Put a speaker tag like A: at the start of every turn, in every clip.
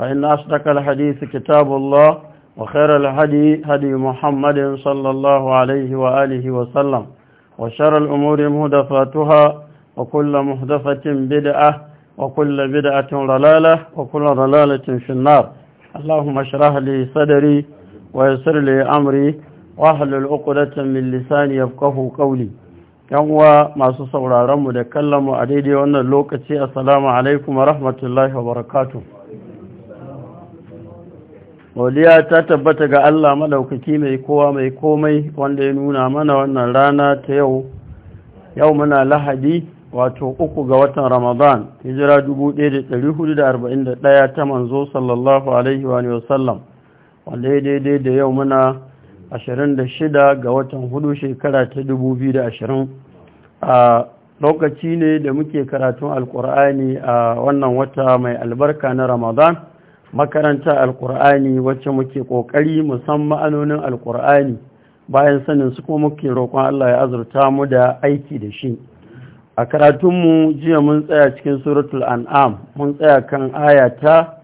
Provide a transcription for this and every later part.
A: فإن أصدق الحديث كتاب الله وخير الهدي هدي محمد صلى الله عليه وآله وسلم وشر الأمور مهدفاتها وكل مهدفة بدعة وكل بدعة ضلالة وكل ضلالة في النار اللهم اشرح لي صدري ويسر لي أمري واحلل عقدة من لساني يفقه قولي yanwa masu sauraron mu da kallon mu a daidai wannan lokaci assalamu alaikum wa rahmatullahi wa barakatuh godiya ta tabbata ga Allah madaukaki mai kowa mai komai wanda ya nuna mana wannan rana ta yau yau muna lahadi wato uku ga watan ramadan hijira 1441 ta manzo sallallahu alaihi wa sallam wanda ya daidai da yau muna 26 ga watan hudu shekara ta 2020 a lokaci ne da muke karatun alkur'ani a wannan wata mai albarka na ramadan makaranta alkur'ani wacce muke kokari musamman ma'anonin alkur'ani bayan sanin su kuma muke roƙon Allah ya azurta mu da aiki da shi a karatunmu jiya mun tsaya cikin suratul an'am mun tsaya kan aya ta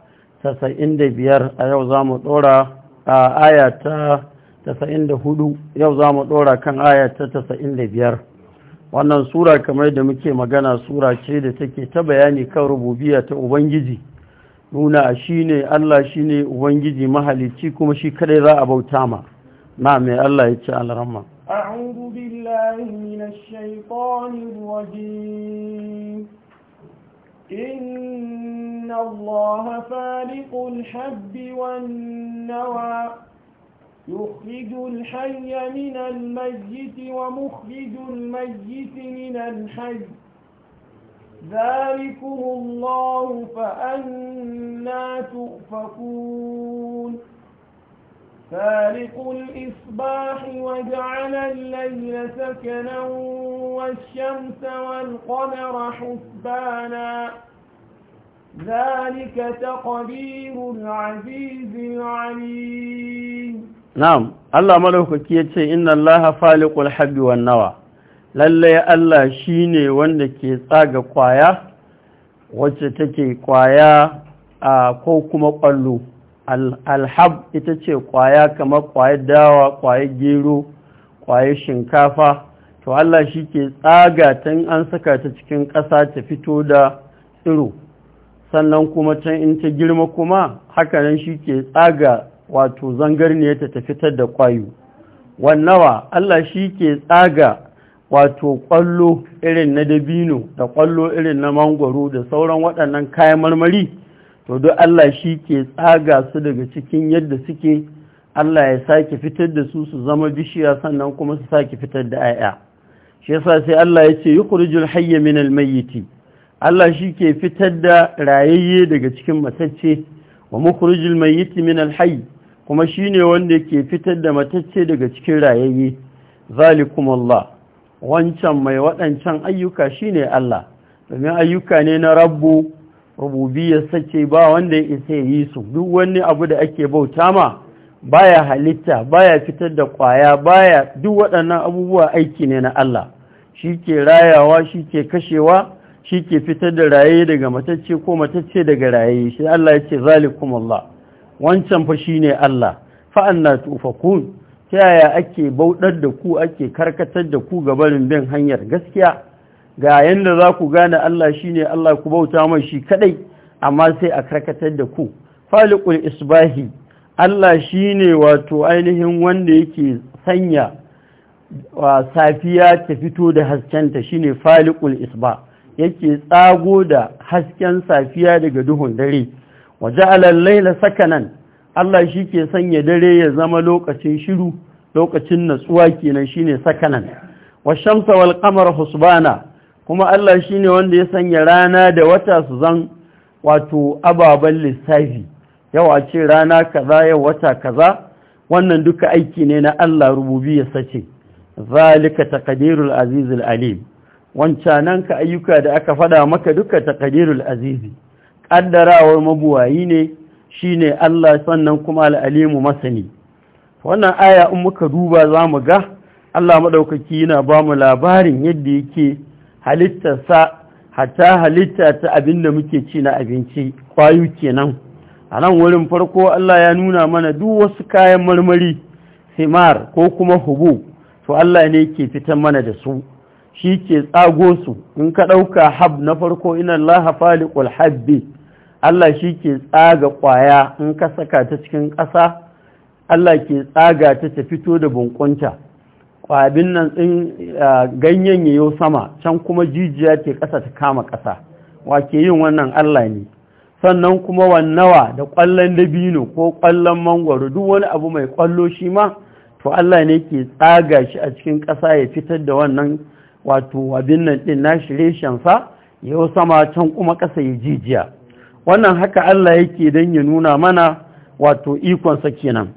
A: 95 a yau za mu ɗora a aya ta 94 yau za mu ɗora kan aya ta 95 wannan sura kamar da muke magana sura ce da take ta bayani kan rububiya ta ubangiji nuna shi ne Allah shi ne Ubangiji mahalicci kuma shi kadai za a bauta ma na mai Allah ya ce A
B: a'udhu billahi minash shaitanir rajim inna Allah faliqul habbi wan nawa يخرج الحي من الميت ومخرج الميت من الحي ذلكم الله فأنا تؤفكون فارق الإصباح وجعل الليل سكنا والشمس والقمر حسبانا ذلك تقدير العزيز العليم
A: نعم الله ملوكك يتشي إن الله فالق الحب والنوى lallai Allah shi ne wanda ke tsaga kwaya wacce take kwaya a ko kuma ƙwallo alhab ita ce kwaya kamar kwaya dawa kwaya gero kwaya shinkafa to Allah shi ke tsaga ta an saka ta cikin ƙasa ta fito da tsiro sannan kuma can in ta girma kuma hakanan shi ke tsaga wato zangarniyar ta fitar da kwayo wannawa Allah shi ke tsaga wato ƙwallo irin na dabino da ƙwallo irin na mangwaro da sauran waɗannan kayan marmari to duk Allah shi ke tsaga su daga cikin yadda suke Allah ya sake fitar da su su zama bishiya sannan kuma su sake fitar da 'ya'ya shi yasa sai Allah ya ce yukhrijul hayya minal mayyiti Allah shi ke fitar da rayayye daga cikin matacce wa mukhrijul mayyiti min alhayy kuma shine wanda ke fitar da matacce daga cikin rayayye zalikum Allah wancan mai waɗancan ayyuka shine Allah domin ayyuka ne na rabbu ya sace ba wanda ya isa yi su duk wani abu da ake bauta ma baya halitta baya fitar da kwaya baya duk waɗannan abubuwa aiki ne na Allah shi ke rayawa shi ke kashewa shi ke fitar da raye daga matacce ko matacce daga raye shi Allah ya ce zalikum Allah wancan fa shine Allah fa'an na tufakun ta yaya ake bauɗar da ku ake karkatar da ku gabanin bin hanyar gaskiya ga yadda za ku gane Allah shi ne Allah ku bauta mai shi kaɗai amma sai a karkatar da ku falikul isbahi Allah shi ne wato ainihin wanda yake sanya wa safiya ta fito da haskenta shi ne falikul isba yake tsago da hasken safiya daga duhun dare waje saka sakanan Allah shi ke sanya dare ya zama lokacin shiru lokacin natsuwa kenan shine sakanan washamsa wal qamara husbana kuma Allah shine wanda ya sanya rana da wata su zan wato ababen lissafi Yau a ce rana kaza yau wata kaza wannan duka aiki ne na Allah ya sace zalika taqdirul azizul alim wancanan ka ayyuka da aka fada maka duka taqdirul azizi kaddarawar mabuwayi ne Shi ne Allah sannan kuma al'alimu masani wannan aya in muka duba za mu ga Allah maɗaukaki yana ba mu labarin yadda yake halittarsa hata halitta ta abin da muke ci na abinci kwayo kenan a nan wurin farko Allah ya nuna mana duk wasu kayan marmari simar ko kuma hubu to Allah ne ke fitan mana da su shi ke tsago su in ka ɗauka hab na farko ina Allah Allah shi ke tsaga ƙwaya in ka saka ta cikin ƙasa Allah ke tsaga ta ta fito da bunkunta ƙwabin nan tsin ganyen yayo sama can kuma jijiya ke ƙasa ta kama ƙasa wa ke yin wannan Allah ne sannan kuma wannawa da ƙwallon dabino ko ƙwallon mangwaro duk wani abu mai ƙwallo shi ma to Allah ne ke tsaga shi a cikin ƙasa ya fitar da wannan wato abin nan ɗin na reshensa yau sama can kuma ƙasa ya jijiya wannan haka Allah yake don ya nuna mana wato ikonsa kenan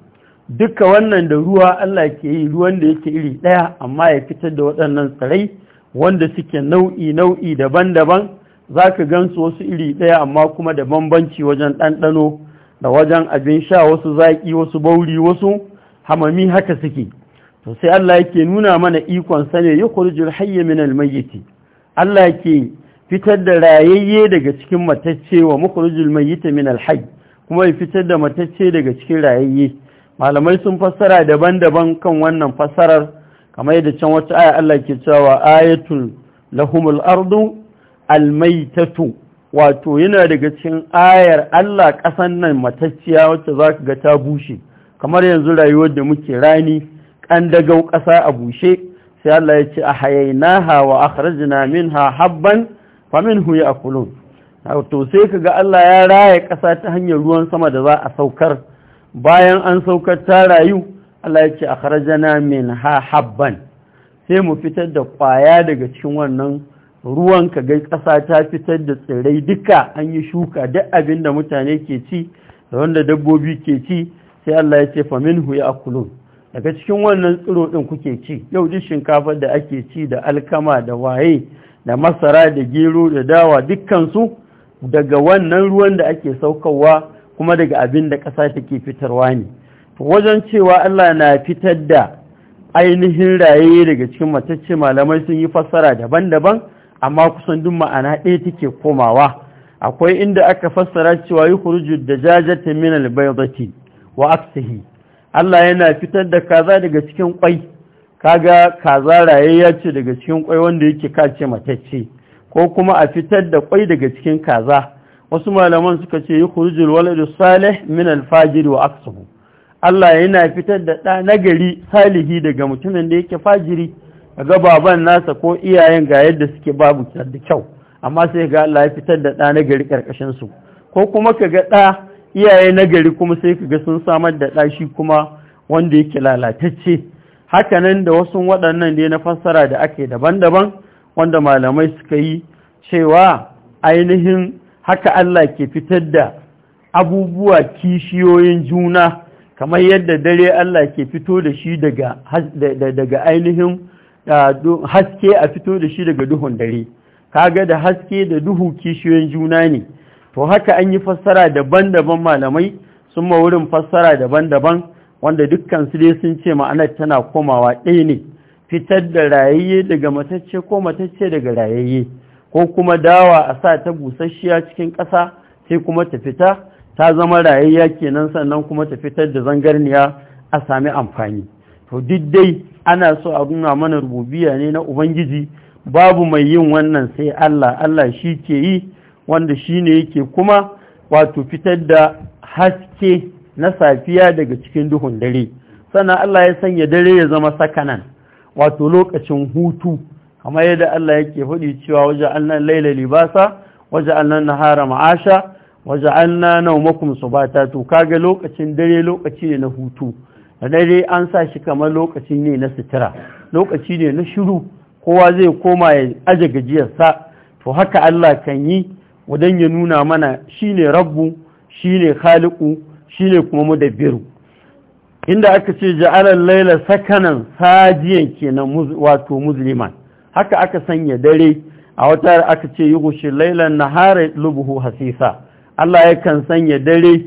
A: duka wannan da ruwa Allah ke yi ruwan da yake iri ɗaya amma ya fitar da waɗannan tsirai wanda suke nau'i nau'i daban-daban za ka gansu wasu iri ɗaya amma kuma da bambanci wajen ɗanɗano da wajen abin sha wasu zaƙi wasu bauri wasu hamami haka suke to sai Allah yake nuna mana ikon sa ne yukhrijul hayya minal mayyit Allah yake fitar da rayayye daga cikin matacce wa mukhrijul mayyita min al-hayy kuma ya fitar da matacce daga cikin rayayye malamai sun fassara daban-daban kan wannan fassarar kamar yadda can wata aya Allah ke cewa ayatul lahumul ardu almaitatu wato yana daga cikin ayar Allah ƙasan nan matacciya wacce za ka ga ta bushe kamar yanzu rayuwar da muke rani ƙan dagau ƙasa a bushe sai Allah ya ce a hayainaha wa akhrajna minha habban famin huyi a kulun to sai ka ga Allah ya raya ƙasa ta hanyar ruwan sama da za a saukar bayan an saukar ta rayu Allah ya ce a harajana min ha habban sai mu fitar da ƙwaya daga cikin wannan ruwan ka ga ƙasa ta fitar da tsirrai duka an yi shuka duk abin da mutane ke ci da wanda dabbobi ke ci sai Allah ya ce famin huyi a kulun daga cikin wannan tsiro ɗin kuke ci yau duk shinkafar da ake ci da alkama da waye da masara da gero da dawa dukkansu daga wannan ruwan da ake saukarwa kuma daga abin da ƙasa take fitarwa ne wajen cewa Allah na fitar da ainihin raye daga cikin matacce malamai sun yi fassara daban-daban amma kusan duk ma'ana ɗaya take komawa akwai inda aka fassara cewa yi kuruju da jajata min albaydati wa aksihi Allah yana fitar da kaza daga cikin kwai kaga kaza ya ce daga cikin kwai wanda yake kace matacce ko kuma a fitar da kwai daga cikin kaza wasu malaman suka ce yukhrijul waladu salih min alfajir wa aksuhu Allah yana fitar da ɗa nagari salihi daga mutumin da yake fajiri ga baban nasa ko iyayen ga yadda suke babu da kyau amma sai ga Allah ya fitar da ɗa nagari karkashin su ko kuma ka ga ɗa iyaye nagari kuma sai ka ga sun samar da ɗa shi kuma wanda yake lalatacce haka nan da wasu waɗannan ne na fassara da ake daban-daban wanda malamai suka yi cewa ainihin haka Allah ke fitar da abubuwa kishiyoyin juna kamar yadda dare Allah ke fito da shi daga ainihin haske a fito da shi daga duhun dare kaga da haske da duhu kishiyoyin juna ne to haka an yi fassara daban-daban malamai sun ma wurin fassara daban-daban wanda dukkan su dai sun ce ma'anar tana komawa ɗaya ne fitar da rayayye daga matacce ko matacce daga rayayye ko kuma dawa a sa ta busasshiya cikin ƙasa sai kuma ta fita ta zama rayayya kenan sannan kuma ta fitar da zangarniya a sami amfani to duk dai ana so a nuna mana rububiya ne na ubangiji babu mai yin wannan sai Allah Allah shi ke yi wanda shi ne yake kuma wato fitar da haske na safiya daga cikin duhun dare sannan Allah ya sanya dare ya zama sakanan wato lokacin hutu kamar yadda Allah yake faɗi cewa waje annan laila libasa waje annan nahara ma'asha waje annan naumakum subata to ga lokacin dare lokaci ne na hutu da dare an sa shi kamar lokaci ne na sitira. lokaci ne na shiru kowa zai koma ya aje gajiyarsa to haka Allah kan yi wadan ya nuna mana shine rabbu shine khaliqu shi ne kuma biru inda aka ce ja'alar laila sakanan sajiyan kenan wato musulman haka aka sanya dare a wata aka ce yi yughshil lailan nahara lubuhu hasisa Allah yakan sanya dare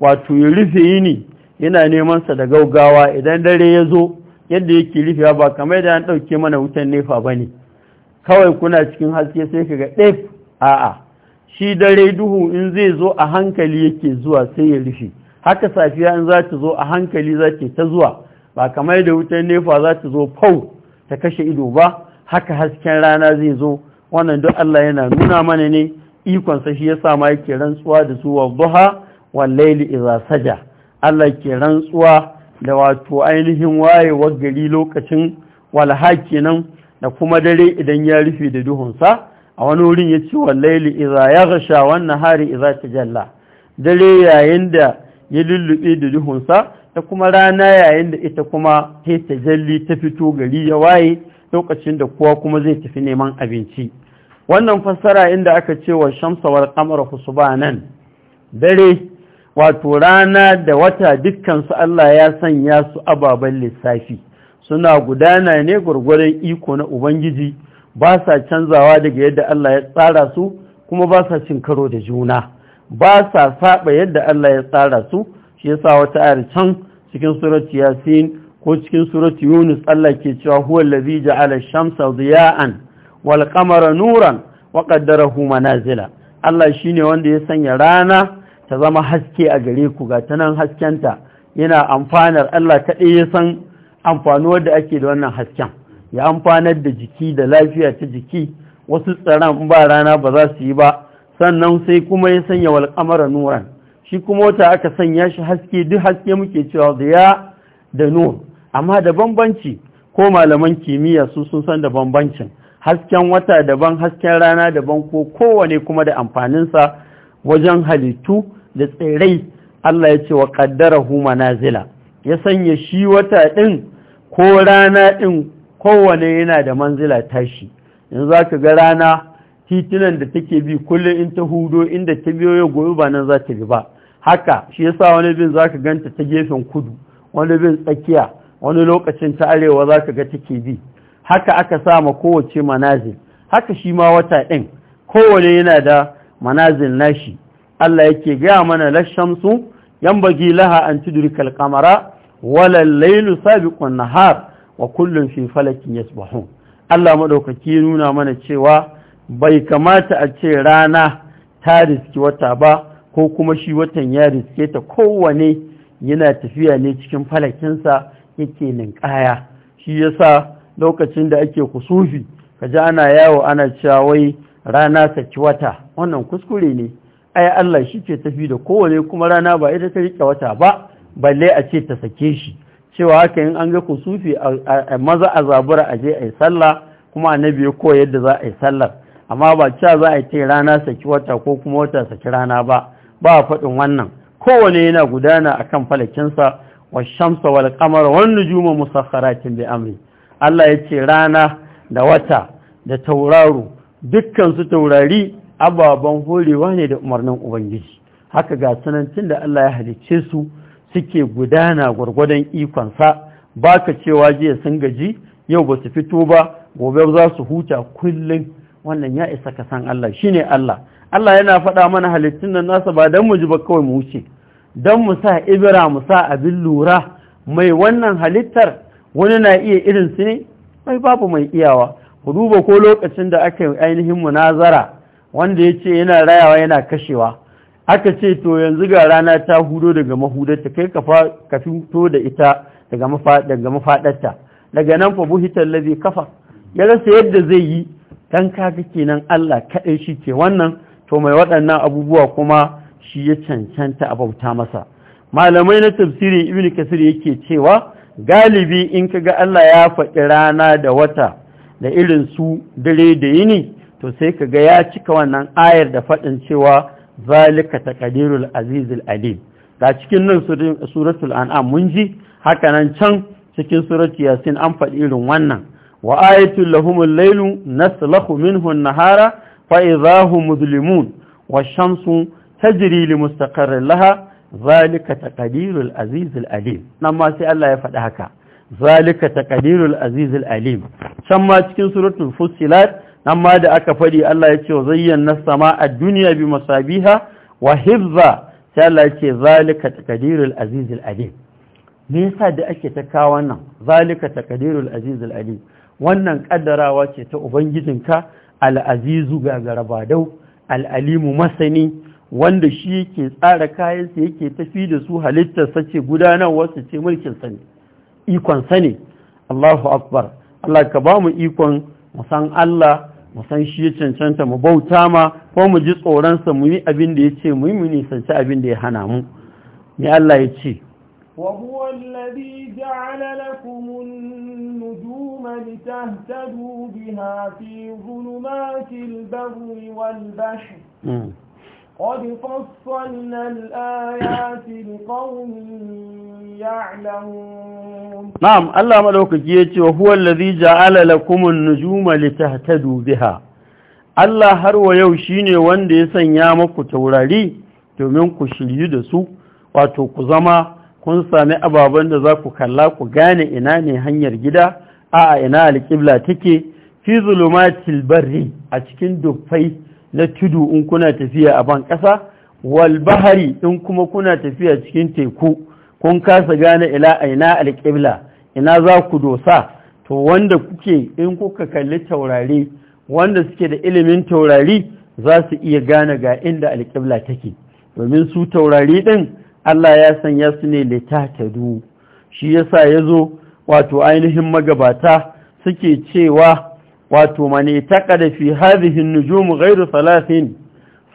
A: wato ya rufe yini yana neman sa da gaugawa idan dare ya zo yadda yake rufewa ba kamar da an dauke mana wutan nefa ba ne kawai kuna cikin haske sai ka ga ɗef a'a shi dare duhu in zai zo a hankali yake zuwa sai ya rufe haka safiya in za ta zo a hankali za ta ta zuwa ba kamar da wutar nefa za ta zo fau ta kashe ido ba haka hasken rana zai zo wannan duk Allah yana nuna mana ne ikonsa shi ya sa ma yake rantsuwa da su duha wal layli idza saja Allah ke rantsuwa da wato ainihin wayewar gari lokacin walha kenan da kuma dare idan ya rufe da duhunsa a wani wurin ya ce wal iza ya yaghsha wannan hari iza ta jalla dare yayin da ya lullube da duhunsa ta kuma rana yayin da ita kuma ta tajalli ta fito gari ya waye lokacin da kowa kuma zai tafi neman abinci wannan fassara inda aka ce wa shamsawar kamar nan dare wato rana da wata dukkansu Allah ya sanya su ababen lissafi suna gudana ne gwargwadon iko na Ubangiji ba sa canzawa daga yadda Allah ya tsara su kuma ba sa cin karo da juna ba sa saba yadda Allah ya tsara su shi yasa wata ayar can cikin surati yasin ko cikin surati yunus Allah ke cewa huwa allazi ja'ala shamsa diya'an wal qamara nuran wa qaddarahu manazila Allah shine wanda ya sanya rana ta zama haske a gare ku ga tanan haskenta yana amfanar Allah kaɗai ya san amfanuwar da ake da wannan hasken ya amfanar da jiki da lafiya ta jiki wasu tsaron ba rana ba za su yi ba sannan sai kuma ya sanya wal nuran shi kuma wata aka sanya shi haske duk haske muke cewa ziya da nur amma da bambanci ko malaman kimiyya su sun san da bambancin hasken wata daban hasken rana daban ko kowane kuma da amfaninsa wajen halittu da tsirai Allah ya ce wa qaddarahu manazila ya sanya shi wata ɗin ko rana ɗin kowane yana da manzila tashi yanzu zaka ga rana titunan da take bi kullum in ta hudo inda ta biyo ya goyi ba nan za ta bi ba haka shi yasa wani bin za ka ganta ta gefen kudu wani bin tsakiya wani lokacin ta arewa za ka ga take bi haka aka sa ma kowace manazil haka shi ma wata ɗin kowane yana da manazil nashi Allah yake gaya mana lashamsu yambagi laha an tudrikal qamara wala laylu sabiqun nahar wa kullun fi falakin yasbahun Allah madaukaki nuna mana cewa bai kamata a ce rana ta riski wata ba ko kuma shi watan ya riske ta kowane yana tafiya ne cikin falakinsa yake ninkaya shi yasa lokacin da ake kusufi kaji ana yawo ana cewa wai rana saki wata wannan kuskure ne ai Allah shi ke tafi da kowane kuma rana ba ita ta rike wata ba balle a ce ta sake shi cewa haka in an ga kusufi a maza a zabura a je a yi sallah kuma annabi ya koyar da za a yi sallar amma ba cewa za a yi rana saki wata ko kuma wata saki rana ba ba faɗin wannan kowane yana gudana a kan falakinsa wa shamsa wal kamar wani juma musakharatin da amri Allah ya ce rana da wata da tauraro dukkan su taurari ababen horewa ne da umarnin ubangiji haka ga sunan da Allah ya halicce su suke gudana gwargwadon ikonsa ba ka cewa jiya sun gaji yau ba su fito ba gobe za su huta kullum wannan ya isa ka san Allah ne Allah Allah yana faɗa mana halittun nan nasa ba don mu ji ba kawai mu wuce don mu sa ibira mu sa abin lura mai wannan halittar wani na iya irin su ne mai babu mai iyawa ku duba ko lokacin da aka yi ainihin munazara wanda ya ce yana rayawa yana kashewa aka ce to yanzu ga rana ta hudo daga mahudarta kai ka fito da ita daga mafaɗarta daga nan fa buhitar lazi kafa ya rasa yadda zai yi dan kaga kenan Allah kaɗai shi ke wannan to mai waɗannan abubuwa kuma shi ya cancanta a bauta masa malamai na tafsirin ibn kasir yake cewa galibi in ka ga Allah ya faɗi rana da wata da irin su dare da yini to sai ka ga ya cika wannan ayar da faɗin cewa zalika taqdirul azizul alim ga cikin nan suratul an'am mun ji hakanan can cikin suratul yasin an faɗi irin wannan wa ayatul lahumul laylu naslakhu minhu an-nahara fa idha wa mudlimun shamsu tajri li mustaqarrin laha zalika taqdirul azizul alim nan ma sai Allah ya faɗi haka zalika taqdirul azizul alim can ma cikin suratul fusilat nan ma da aka faɗi Allah ya ce zayyana sama'a dunya bi masabiha wa hifza sai Allah ya ce zalika taqdirul azizul alim me yasa da ake ta kawo wannan zalika taqdirul azizul alim wannan kaddarawa ce ta ubangijinka al'azizu al al'alimu masani wanda shi yake tsara kayansa yake tafi da su halittarsa ce gudanarwarsa ce mulkinsa ne ikonsa ne allahu akbar allah ka ba mu ikon musan allah musan shi ya cancanta mu bauta ma ko mu ji tsoronsa mu yi abin da ya ce mu yi mu nisanci abin da ya hana mu me allah ya ce
B: وهو الذي جعل لكم النجوم لتهتدوا بها في ظلمات البر والبحر قد فصلنا الآيات لقوم يعلمون
A: نعم الله ملوك جيتي وهو الذي جعل لكم النجوم لتهتدوا بها الله هرو يوشيني وان دي سنيامك تورالي domin ku shiryu da su wato ku zama kun sami ababen da za ku kalla ku gane ina ne hanyar gida a ina alƙibla take fi zulumatil barri a cikin dufai na tudu in kuna tafiya a ban ƙasa wal bahari in kuma kuna tafiya cikin teku kun kasa gane ila ina alƙibla ina za ku dosa to wanda kuke in kuka kalli taurari wanda suke da ilimin taurari za su iya gane ga inda alƙibla take domin su taurari ɗin Allah ya sanya su ne litatadu shi yasa zo wato ainihin magabata suke cewa wato mane taqada fi hadhihi an gairu salafin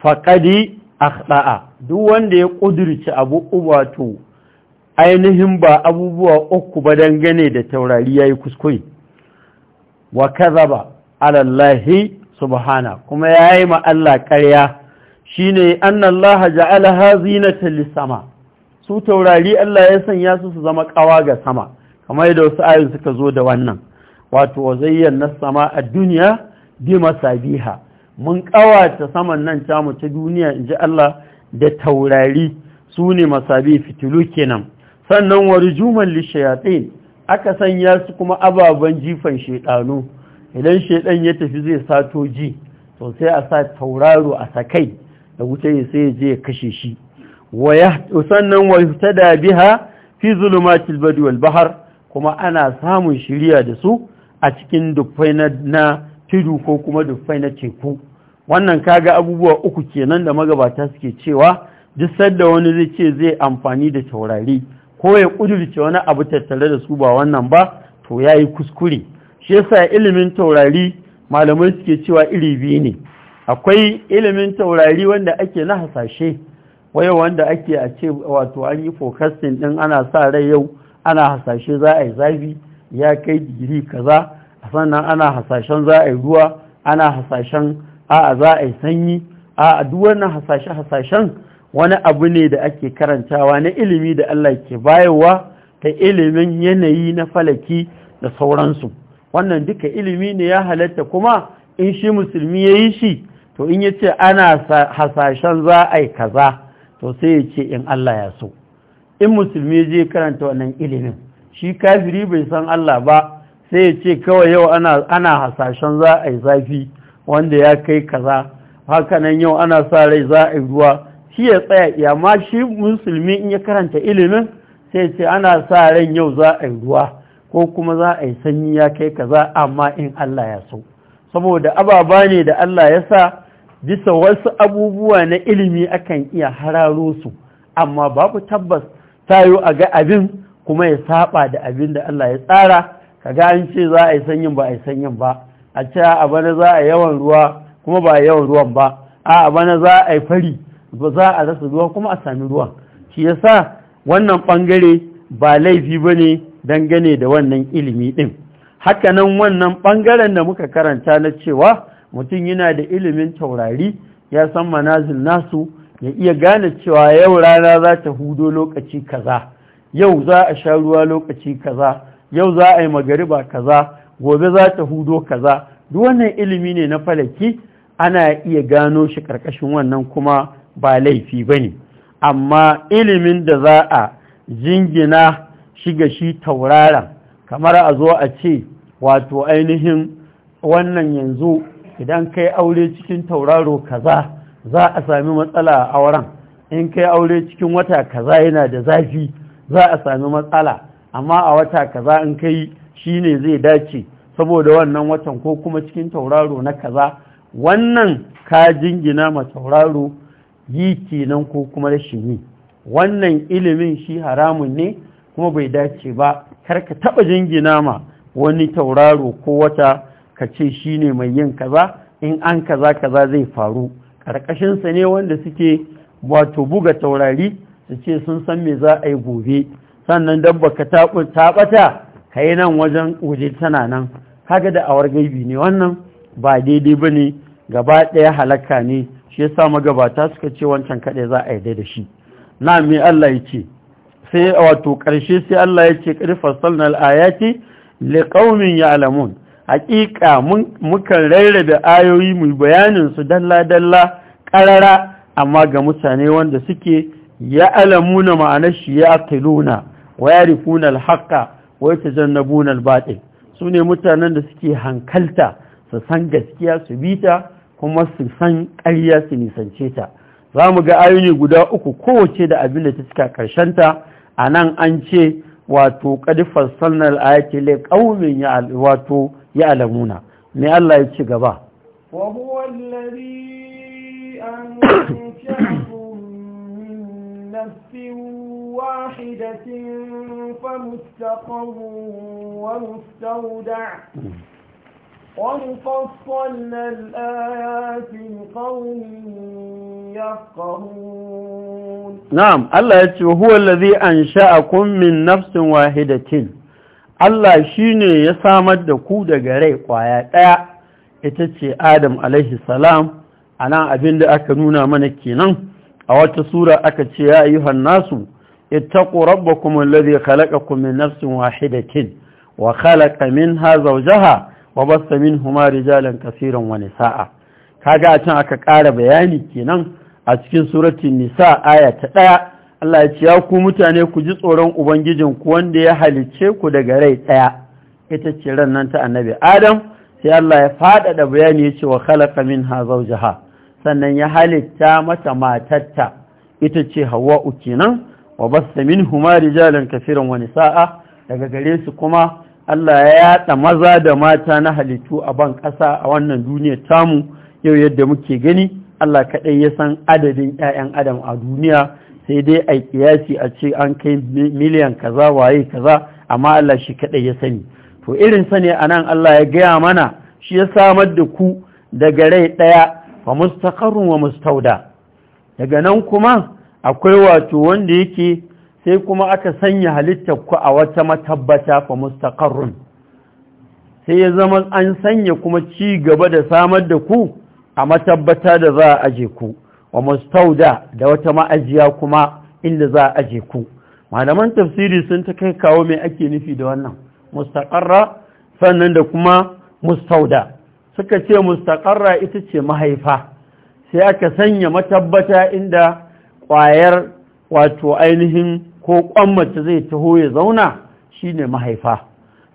A: faƙadi a akhda'a duk wanda ya ƙudurci abu wato ainihin ba abubuwa uku ba dangane da taurari ya yi kuskure wa kadhaba ala Allahi subhana kuma yayi ma Allah ƙarya shine ne Allah ja'ala hazinatan lis-sama su taurari Allah ya sanya su su zama ƙawa ga sama kamar yadda wasu ayin suka zo da wannan wato wazayyan na sama a duniya bi masabiha mun kawata saman nan ta ta duniya ji Allah da taurari su ne masabi fitilu kenan sannan warjuman lishayatin aka sanya su kuma ababen jifan shedanu idan shedan ya tafi zai sato ji sosai a sa tauraro a sakai da wuta ya sai je ya kashe shi sannan wa da biha fi zulumatil badi wal kuma ana samun shirya da su a cikin dufai na tudu ko kuma dufai na teku wannan kaga abubuwa uku kenan da magabata suke cewa duk sadda wani zai ce zai amfani da taurari ko ya ƙudurce wani abu tattare da su ba wannan ba to ya yi kuskure shi yasa ilimin taurari malamai suke cewa iri biyu ne akwai ilimin taurari wanda ake na hasashe wai wanda ake a ce wato an yi forecasting din ana sa rai yau ana hasashe za a yi zafi ya kai digiri kaza sannan ana hasashen za a yi ruwa ana hasashen a'a za a yi sanyi a'a duk wannan hasashe hasashen wani abu ne da ake karantawa na ilimi da Allah ke bayarwa ta ilimin yanayi na falaki da sauransu wannan duka ilimi ne ya halatta kuma in shi musulmi ya yi shi to in ya ce ana hasashen za a yi kaza to sai ya ce in Allah ya so in musulmi je karanta wannan ilimin shi kafiri bai san Allah ba sai ya ce kawai yau ana ana hasashen za a yi zafi wanda ya kai kaza haka nan yau ana sa rai za a yi ruwa shi ya tsaya iya ma shi musulmi in ya karanta ilimin sai ce ana sa ran yau za a yi ruwa ko kuma za a yi sanyi ya kai kaza amma in Allah ya so saboda ababa ne da Allah ya sa bisa wasu abubuwa na ilimi akan iya hararo su amma babu tabbas tayo a ga abin kuma ya saba da abin da Allah ya tsara kaga an ce za a yi sanyin ba a yi sanyin ba a ce a bana za a yawan ruwa kuma ba yawan ruwan ba a bana za a yi fari ba za a rasa ruwa kuma a sami ruwan shi yasa wannan bangare ba laifi bane dangane da wannan ilimi din hakanan wannan bangaren da muka karanta na cewa mutum yana da ilimin taurari ya san manazil nasu ya iya gane cewa yau rana za ta hudo lokaci kaza yau za a sha ruwa lokaci kaza yau za a yi magariba kaza gobe za ta hudo kaza duk wannan ilimi ne na falaki ana iya gano shi karkashin wannan kuma ba laifi ba ne amma ilimin da za a jingina shiga shi taurara kamar a zo a ce wato ainihin wannan yanzu idan kai aure cikin tauraro kaza za a sami matsala a auren in kai aure cikin wata kaza yana da zafi za a sami matsala amma a wata kaza in shi ne zai dace saboda wannan watan ko kuma cikin tauraro na kaza wannan ka jingina ma tauraro yi kenan ko kuma rashin yi wannan ilimin shi haramun ne kuma bai dace ba kar ka taɓa jingina ma wani tauraro ko wata ka ce shi ne mai yin kaza in an kaza kaza zai faru ƙarƙashinsa ne wanda suke wato buga taurari su ce sun san me za a yi gobe sannan dabba ka taɓata ka yi nan wajen waje tana nan kaga da awar gaibi ne wannan ba daidai ba ne gaba ɗaya halakka ne shi ya sa magabata suka ce wancan kaɗai za a yi da shi na me Allah ya ce sai wato ƙarshe sai Allah ya ce ƙarfasal na al'ayati liƙaunin ya alamun hakika mukan rarrabe ayoyi mu bayanin su dalla-dalla ƙarara amma ga mutane wanda suke ya alamuna ma'anar shi ya aqiluna wa yarifuna al wa yatajannabuna al su sune mutanen da suke hankalta su san gaskiya su bita kuma su san ƙarya su nisance ta za mu ga ayoyi guda uku kowace da abin da ta cika ƙarshenta a nan an ce wato qad fassalna al-ayati liqaumin ya wato ya'lamuna me Allah ya ci gaba wa huwa alladhi ansha'akum
B: min nafsin wahidatin famustaqarrun wa mustawda' قد فصلنا الآيات لقوم يفقهون
A: نعم الله يتشو هو الذي أنشأكم من نفس واحدة Allah shi ne ya samar da ku daga rai ƙwaya ɗaya ita ce Adam alaihi salam a nan abin da aka nuna mana kenan a wata sura aka ce ya yi hannasu ita ku rabba kuma lade kuma nafsin wahidatin wa kalaka min ha zaujaha wa basta huma rijalan wani wa nisaa kaga a can aka ƙara bayani kenan a cikin suratul nisa aya ta ɗaya. Allah ya ce ya ku mutane ku ji tsoron ubangijin ku wanda ya halicce ku daga rai ɗaya. ita ce ran ta annabi Adam sai Allah ya faɗaɗa bayani ya ce wa khalaqa minha zawjaha sannan ya halitta mata matarta. ita ce hawa'u kenan wa basta huma rijalan kasiran wa nisaa daga gare su kuma Allah ya yada maza da mata na halittu a ban ƙasa a wannan duniya tamu yau yadda muke gani Allah kaɗai ya san adadin 'ya'yan adam a duniya sai dai a kiyasi a ce an kai miliyan kaza waye kaza amma Allah shi kaɗai ya sani to irin sani a nan Allah ya gaya mana shi ya samar da ku daga rai ɗaya wa mustaƙarun wa mustauda daga nan kuma akwai wato wanda yake sai kuma aka sanya halittar ku a wata matabbata fa mustaqarrun sai ya zama an sanya kuma ci gaba da samar da ku a matabbata da za a aje ku wa mustauda da wata ma'ajiya kuma inda za a aje ku malaman tafsiri sun ta kai kawo mai ake nufi da wannan mustaqarra sannan da kuma mustauda suka ce mustaqarra ita ce mahaifa sai aka sanya matabbata inda ƙwayar wato ainihin ko mace zai taho ya zauna shine mahaifa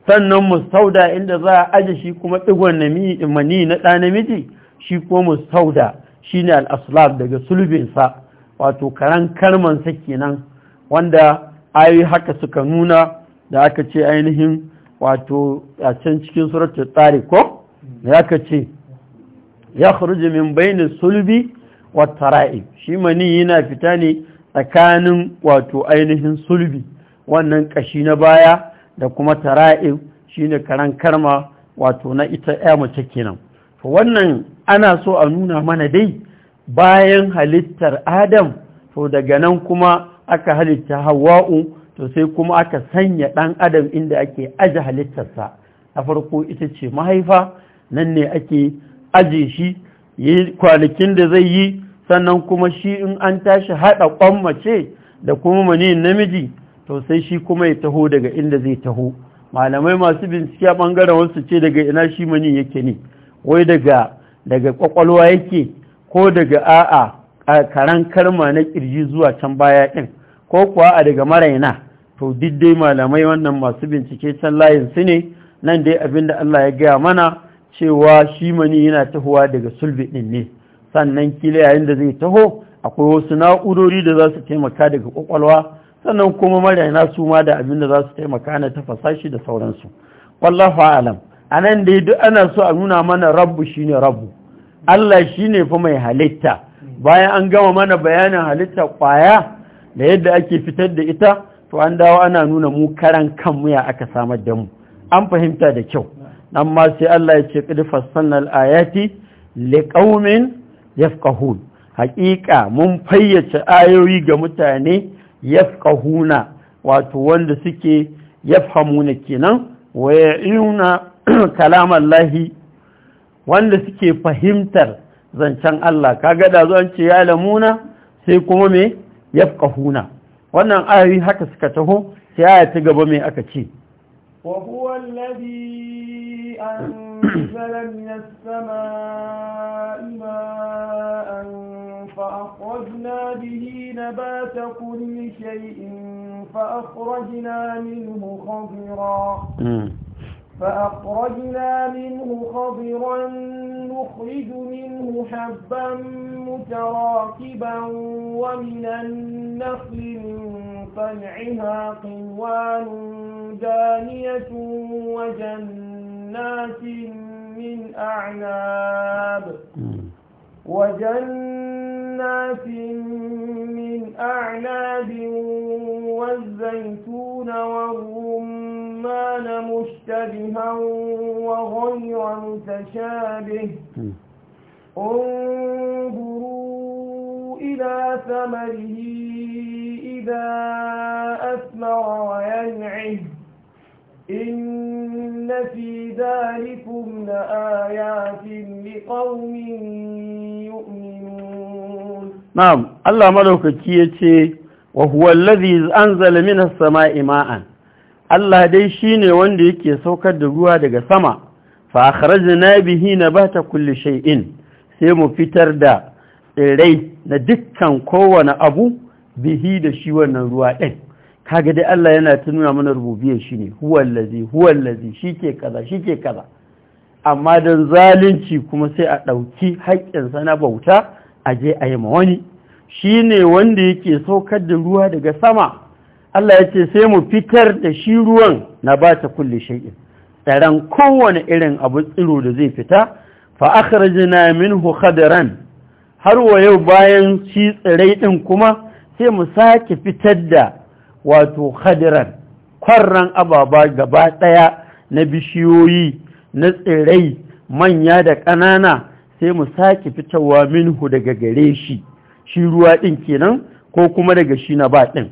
A: sannan mustauda inda za a aje shi kuma digon mani na ɗa namiji shi ko mustauda Shi ne aslab daga sulbinsa wato karan karmansa nan. wanda ayoyi haka suka nuna da aka ce ainihin wato a can cikin suratun tsari ko da aka ce ya jimin min baini sulbi wata ra'i. shi mani yana fita ne tsakanin wato ainihin sulbi wannan ƙashi na baya da kuma tara'i shine karan karma wato na ita ya mace kenan to wannan ana so a nuna mana dai bayan halittar adam to daga nan kuma aka halitta hawa'u to sai kuma aka sanya ɗan adam inda ake aji halittarsa a farko ita ce mahaifa nan ne ake aje shi kwanakin da zai yi sannan kuma shi in an tashi haɗa ƙwan mace da kuma maniyin namiji to sai shi kuma ya taho daga inda zai taho malamai masu bincike a ɓangaren wasu ce daga ina shi mani yake ne wai daga daga ƙwaƙwalwa yake ko daga a'a a karan karma na ƙirji zuwa can baya ɗin ko kuwa a daga maraina to diddai malamai wannan masu bincike can layin su ne nan dai abinda Allah ya gaya mana cewa shi mani yana tahowa daga sulbi ɗin ne sannan kila yayin da zai taho akwai wasu na'urori da za su taimaka daga kwakwalwa sannan kuma marayana su ma da abin da za su taimaka na tafasa shi da sauransu wallahu alam a nan dai duk ana so a nuna mana rabbu shine rabbu Allah shine fa mai halitta bayan an gama mana bayanin halitta kwaya da yadda ake fitar da ita to an dawo ana nuna mu karan kanmu ya aka samar da mu an fahimta da kyau amma sai Allah ya ce qad fassalna ayati liqaumin yafqahun haƙiƙa mun fayyace ayoyi ga mutane yafqahuna wato wanda suke yafhamuna kenan wa ya'una kalamallahi wanda suke fahimtar zancen Allah kaga da an ce ya lamuna sai kuma me yafqahuna wannan ayoyi haka suka taho sai aya ta gaba me aka ce wa huwa
B: alladhi أنزل من السماء ماء فأخرجنا به نبات كل شيء فأخرجنا منه خضرا فأخرجنا منه خضرا نخرج منه حبا متراكبا ومن النخل من طلعها قنوان دانية وجنات من أعناب وجنات من أعناب والزيتون والرمان الرحمن مشتبها وغير متشابه انظروا إلى ثمره إذا أثمر وينعه إن في ذلكم لآيات لقوم
A: يؤمنون نعم الله ملوك كي يتي وهو الذي أنزل من السماء ماءً Allah dai shi ne wanda yake saukar da ruwa daga sama fa na bihi na ta kulle sha'in sai mu fitar da tsirrai na dukkan kowane abu bihi da shi wannan ruwa ɗin kaga dai Allah yana ta nuna mana rububiyar shi ne huwallazi huwallazi ke kaza shi ke kaza amma don zalunci kuma sai a ɗauki haƙƙinsa na bauta a je a yi ma wani shi ne wanda yake saukar da ruwa daga sama Allah ya ce sai mu fitar da shi ruwan na ba ta kulle shay'in tsaron kowane irin abu tsiro da zai fita fa akhrajna minhu hukadaran har wa yau bayan shi tsirai ɗin kuma sai mu sake fitar da wato hadiran kwarran ababa gaba ɗaya na bishiyoyi na tsirai manya da ƙanana sai mu sake min hu daga gare shi shi ruwa ɗin kenan ko kuma daga shi na ba ɗin.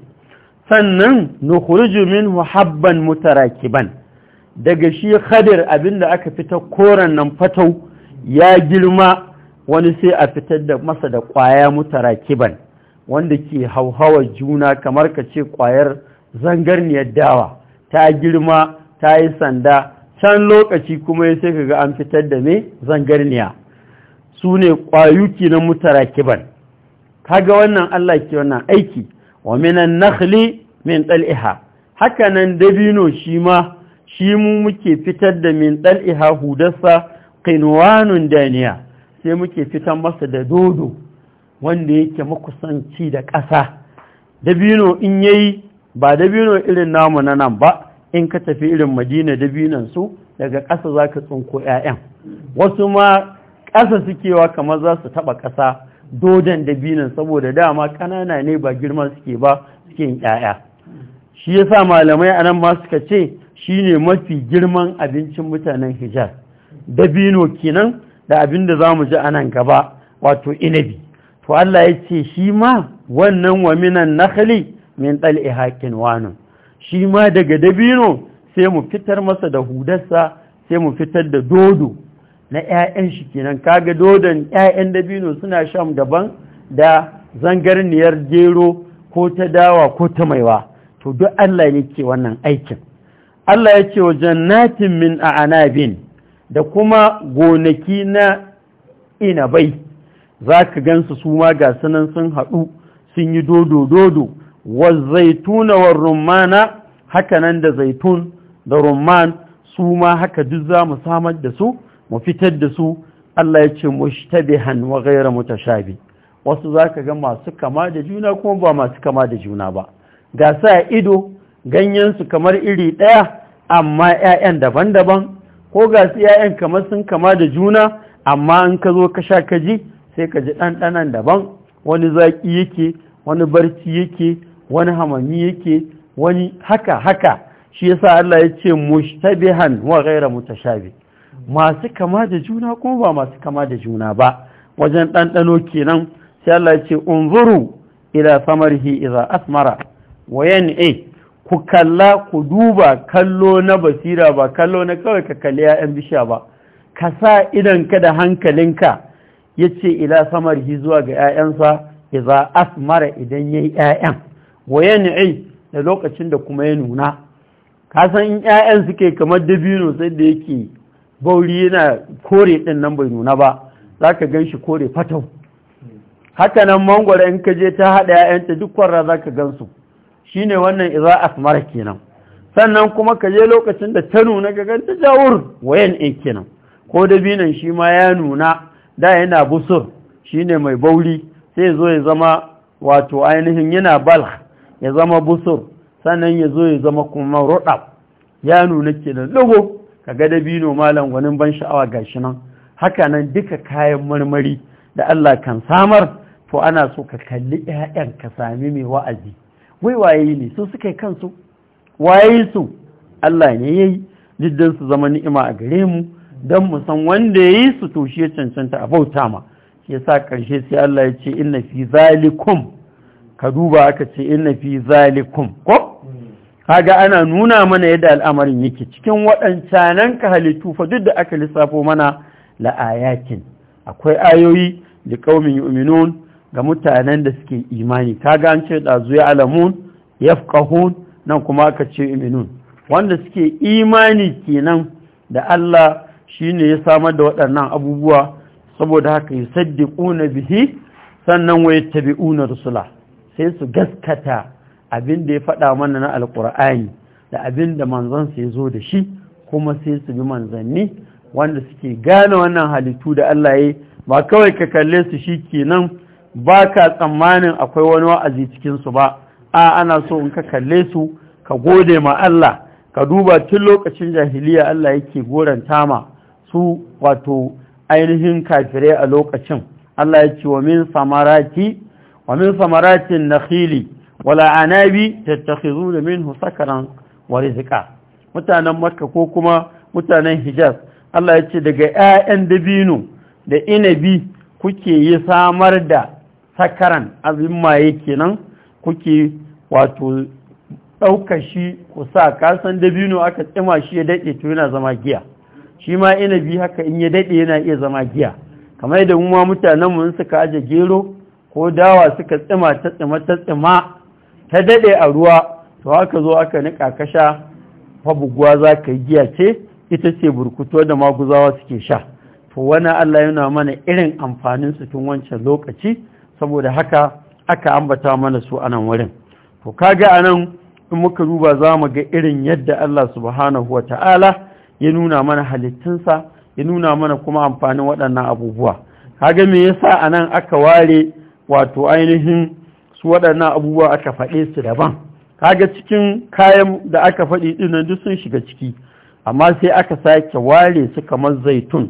A: sannan nukhruju minhu habban mutarakiban daga shi khadir abinda aka fita koran nan fatau ya girma wani sai a fitar da masa da kwaya mutarakiban wanda ke hauhawa juna kamar ka ce kwayar zangarniyar dawa ta girma ta yi sanda can lokaci kuma ya sai ga an fitar da me zangarniya su ne kwayuki na mutarakiban kaga wannan Allah ke wannan aiki wa minan nakhli min dal'iha haka dabino shi ma shi mu muke fitar da min dal'iha hudarsa qinwanun daniya sai muke fitar masa da dodo wanda yake makusanci da ƙasa dabino in yayi ba dabino irin namu na nan ba in ka tafi irin madina dabinan su daga ƙasa zaka tsinko 'ya'yan wasu ma ƙasa sukewa kamar za su taɓa ƙasa Dodon dabino saboda dama kanana ne ba girma suke ba suke yin ƴaƴa shi yasa malamai a nan ma suka ce shine mafi girman abincin mutanen hijar
B: dabino
A: kenan da abin da za mu ji anan gaba wato inabi to Allah ya ce shi ma wannan wa minan nakhli min dal'i haƙin shi ma daga dabino sai mu fitar masa da hudarsa sai mu fitar da dodo na 'ya'yan shi kenan kaga dodon 'ya'yan dabino suna sham daban da zangarniyar gero ko ta dawa ko ta maiwa to duk Allah ne ke wannan aikin Allah ya ce wa jannatin min a a'anabin da kuma gonaki na inabai za ka gansu su ma ga sunan sun haɗu sun yi dodo-dodo wa zaituna wa rumana haka nan da zaitun da rumman su ma haka duk za mu samar da su mu fitar da su Allah ya ce mushtabihan wa ghayra mutashabi wasu zaka ga masu kama da juna kuma ba masu kama da juna ba ga sa ido ganyen su kamar iri daya amma ƴaƴan daban-daban ko ga su ƴaƴan kamar sun kama da juna amma in ka zo ka sha kaji sai ka ji ɗanɗanan daban wani zaki yake wani barci yake wani hamami yake wani haka haka shi yasa Allah ya ce mushtabihan wa ghayra mutashabi masu kama da juna ko ba masu kama da juna ba wajen ɗanɗano kenan sai Allah ce unzuru ila samarhi idza asmara wa yan'i ku kalla ku duba kallo na basira ba kallo na kawai ka kalli ya'yan bishiya ba ka sa idan ka da hankalinka yace ila samarhi zuwa ga 'ya'yansa idza asmara idan yayi 'ya'yan wa yan'i da lokacin da kuma ya nuna kasan in 'ya'yan suke kamar dabino sai da yake bauri yana kore ɗin nan bai nuna ba za ka gan shi kore fatau haka nan mangwara in ka je ta haɗa ‘ya'yanta duk kwarra za ka gan su shi ne wannan iza asmara kenan sannan kuma ka je lokacin da ta nuna ga ganta jawur wayan in kenan ko dabinan shi ma ya nuna da yana busur shi ne mai bauri sai zo ya zama wato ainihin yana balh ya zama busur sannan ya zo ya zama kuma ruɗa ya nuna kenan lugu Ka ga dabino malam gwanin ban sha'awa ga shi nan haka nan duka kayan marmari da Allah kan samar to ana so ka kalli ƴaƴan ka sami mai wa'azi wai waye ne su suka kansu waye su Allah ne yayi diddan su zama ni'ima a gare mu dan mu san wanda yayi su to shi ya cancanta a bauta ma shi yasa karshe sai Allah ya ce inna fi zalikum ka duba aka ce inna fi zalikum ko kaga ana nuna mana yadda al'amarin yake cikin waɗancanan ka halittu fa duk da aka lissafo mana la'ayakin akwai ayoyi da qaumin yu'minun ga mutanen da suke imani kaga an ce dazu ya alamun yafqahun nan kuma aka ce yu'minun wanda suke imani kenan da Allah shine ya samar da waɗannan abubuwa saboda haka yusaddiquna bihi sannan wa yattabi'una rusula sai su gaskata abin da ya faɗa mana na alƙur'ani da abin da manzansa ya zo da shi kuma sai su bi manzanni wanda suke gane wannan halittu da Allah ya yi ba kawai ka kalle su shi kenan ba ka tsammanin akwai wani wa'azi cikinsu ba a ana so in ka kalle su ka gode ma Allah ka duba tun lokacin jahiliya Allah yake goranta ma su wato ainihin kafirai a lokacin Allah ya ce wa min samarati wa min samaratin nakhili wala anabi tattakhizuna minhu sakaran wa rizqa mutanen makka ko kuma mutanen hijaz Allah ya ce daga 'ya'yan dabino da inabi kuke yi samar da sakaran abin maye kenan kuke wato ɗaukar shi ku sa kasan dabino aka tsima shi ya daɗe to yana zama giya shi ma inabi haka in ya daɗe yana iya zama giya kamar da mu ma mutanen mu suka aje gero ko dawa suka tsima ta tsima ta tsima ta daɗe a ruwa to aka zo aka nika ka sha fabuguwa za ka yi giya ce ita ce burkuto da maguzawa suke sha to wani Allah yana mana irin amfanin su tun wancan lokaci saboda haka aka ambata mana su anan wurin to kaga anan in muka duba za mu ga irin yadda Allah subhanahu wa ta'ala ya nuna mana halittunsa ya nuna mana kuma amfanin waɗannan abubuwa kaga me yasa anan aka ware wato ainihin su waɗannan abubuwa aka faɗe su daban kaga cikin kayan da aka faɗi ɗinan duk sun shiga ciki amma sai aka sake ware su kamar zaitun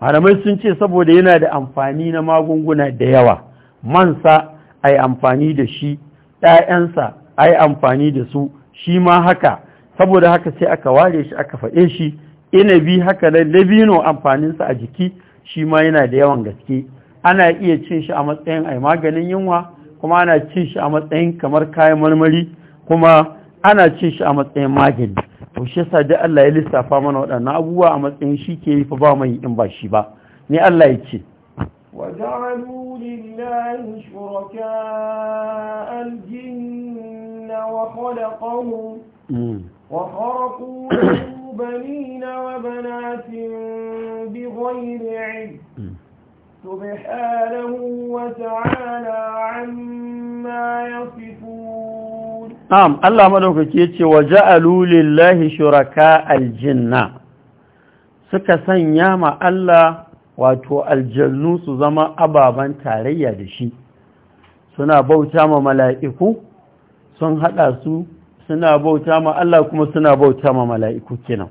A: malamai sun ce saboda yana da amfani na magunguna da yawa mansa a yi amfani da shi ‘ya'yansa a yi amfani da su shi ma haka saboda haka sai aka ware shi aka faɗe shi inabi haka nan labino amfaninsa a jiki shi ma yana da yawan gaske ana iya cin shi a matsayin ai maganin yunwa kuma ana cin shi a matsayin kamar kayan marmari kuma ana cin shi a matsayin magani to shi yasa dai Allah ya lissafa mana waɗannan abubuwa a matsayin shi ke yi fa ba mai in ba shi ba ne Allah ya ce
B: وجعلوا لله شركاء الجن وخلقهم وخرقوا له بنين وبنات بغير علم سبحانه وتعالى عما يصفون
A: نعم الله ملوك كيتي وجعلوا لله شركاء الجنة suka sanya ma Allah wato aljannu su zama ababen tarayya da shi suna bauta ma mala'iku sun haɗa su suna bauta ma Allah kuma suna bauta ma mala'iku kenan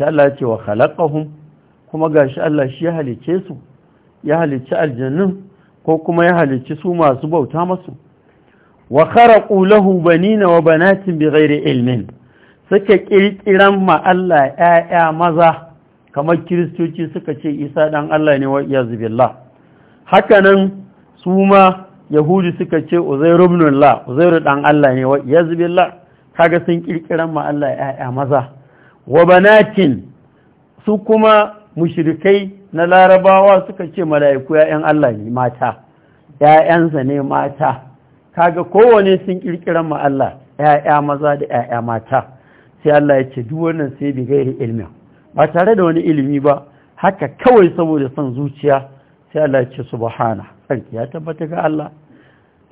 A: sai Allah ce wa khalaqahum kuma gashi Allah shi halice su ya halicci aljannin ko kuma ya halicci su masu bauta masu wa kharaqu lahu banina wa banatin bighairi ilmin suka kirkiran ma Allah maza kamar kiristoci suka ce Isa dan Allah ne wa iyazu billah hakanan su ma yahudi suka ce uzairu ibn Allah uzairu dan Allah ne wa iyazu billah kaga sun kirkiran ma Allah maza wa banatin su kuma mushrikai na larabawa suka ce mala'iku ‘ya'yan Allah ne mata ‘ya'yansa ne mata kaga kowane sun ƙirƙiran ma Allah ‘ya'ya maza da ‘ya'ya mata sai Allah ya ce duk sai bi gairi ilmi, ba tare da wani ilimi ba haka kawai saboda son zuciya sai Allah ya ce subhana tsarki ya tabbata ga Allah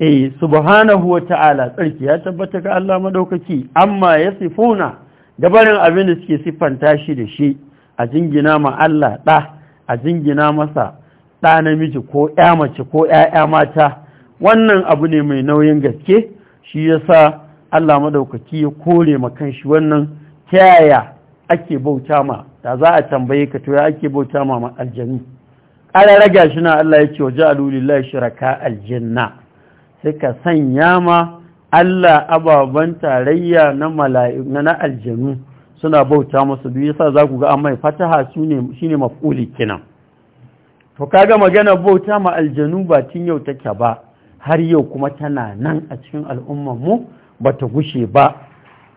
A: eh subhanahu wa ta'ala tsarki ya tabbata ga Allah madaukaki amma sifuna, gabarin abin da suke siffanta shi da shi a jingina ma Allah ɗa a jingina masa ɗa namiji ko ‘ya mace ko ‘ya'ya mata wannan abu ne mai nauyin gaske shi yasa Allah madaukaki ya kore makan shi wannan ta yaya ake bauta ma da za a tambaye ka to ya ake bauta ma aljanu
B: ƙara raga shi
A: na Allah ya ce wa ja'alu lillahi shiraka aljanna ka sanya ma Allah ababen tarayya na na aljanu suna bauta masu duk yasa za ku ga an mai fataha shi ne maf'uli kenan to kaga magana bauta ma aljanu ba tun yau take ba har yau kuma tana nan a cikin al'ummar mu ta gushe ba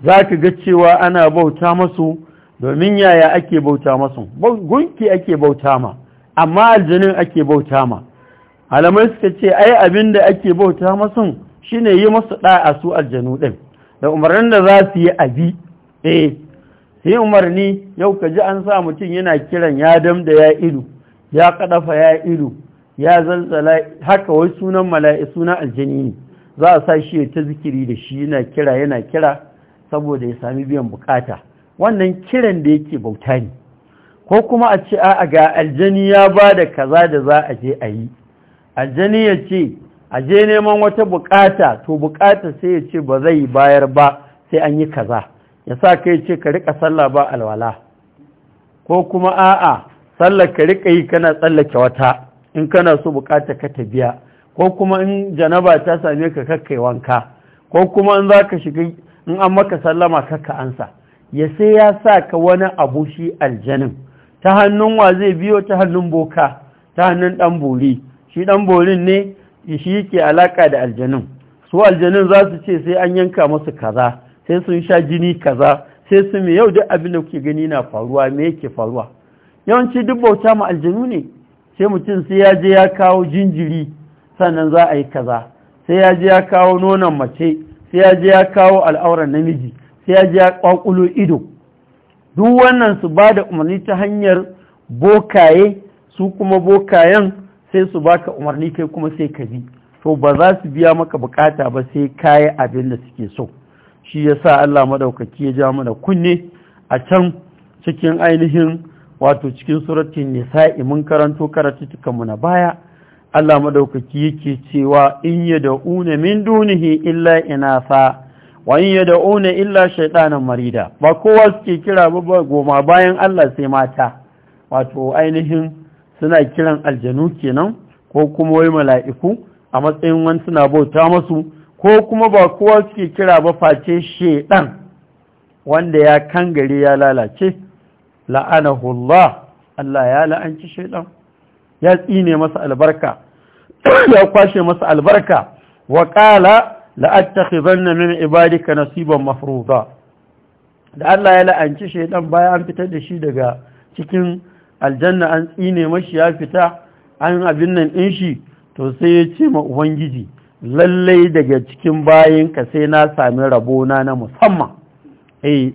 A: za ka ga cewa ana bauta masu domin yaya ake bauta masu gunki ake bauta ma amma aljanin ake bauta ma alamai suka ce ai abin da ake bauta masu shine yi masu da'a su aljanu din da umarnin da za su yi abi eh yi umarni yau ka ji an sa mutum yana kiran ya dam da ya ido ya kadafa ya ido ya zanzala haka wai sunan mala'i sunan aljini ne za a sa shi ta zikiri da shi yana kira yana kira saboda ya sami biyan bukata wannan kiran da yake bauta ne ko kuma a ce a ga aljani ya ba da kaza da za a je a yi aljani ya ce a je neman wata bukata to bukata sai ya ce ba zai bayar ba sai an yi kaza ya sa kai ce ka rika sallah ba alwala ko kuma a'a sallar ka rika yi kana tsallake wata in kana so bukata ka ta biya ko kuma in janaba ta same ka kakkai wanka ko kuma in za ka shiga in an maka sallama kakka ansa ya sai ya sa ka wani abu shi aljanin ta hannun wa zai biyo ta hannun boka ta hannun dan bori shi dan borin ne shi yake alaƙa da aljanin su aljanin za su ce sai an yanka musu kaza sai sun sha jini kaza sai sun mai yau duk abin da kuke gani na faruwa me yake faruwa yawanci duk bauta mu aljanu ne sai mutum sai ya je ya kawo jinjiri sannan za a yi kaza sai ya je ya kawo nonon mace sai ya je ya kawo al'auran namiji sai ya je ya kwakulo ido duk wannan su ba da umarni ta hanyar bokaye su kuma bokayen sai su baka umarni kai kuma sai ka bi to ba za su biya maka bukata ba sai kayi abin da suke so shi ya sa Allah maɗaukaki ya ja mana kunne a can cikin ainihin wato cikin suratun nisa'i mun karanto karatuttukanmu na baya Allah maɗaukaki yake cewa in ya da'una min dunihi illa inafa wa in ya da'una illa shaitanan marida ba kowa suke kira ba goma bayan Allah sai mata wato ainihin suna kiran aljanu kenan ko kuma wai mala'iku a matsayin wani suna bauta masu ko kuma ba kowa suke kira ba face shedan wanda ya kangare ya lalace la'anahullah Allah ya la'anci shedan ya tsine masa albarka ya kwashe masa albarka wa qala la'attakhidanna min ibadika nasiban mafruza da Allah ya la'anci shedan bayan an fitar da shi daga cikin aljanna an tsine mashi ya fita an abin nan din shi to sai ya ce ma ubangiji lallai daga cikin ka sai na sami rabona na musamman eh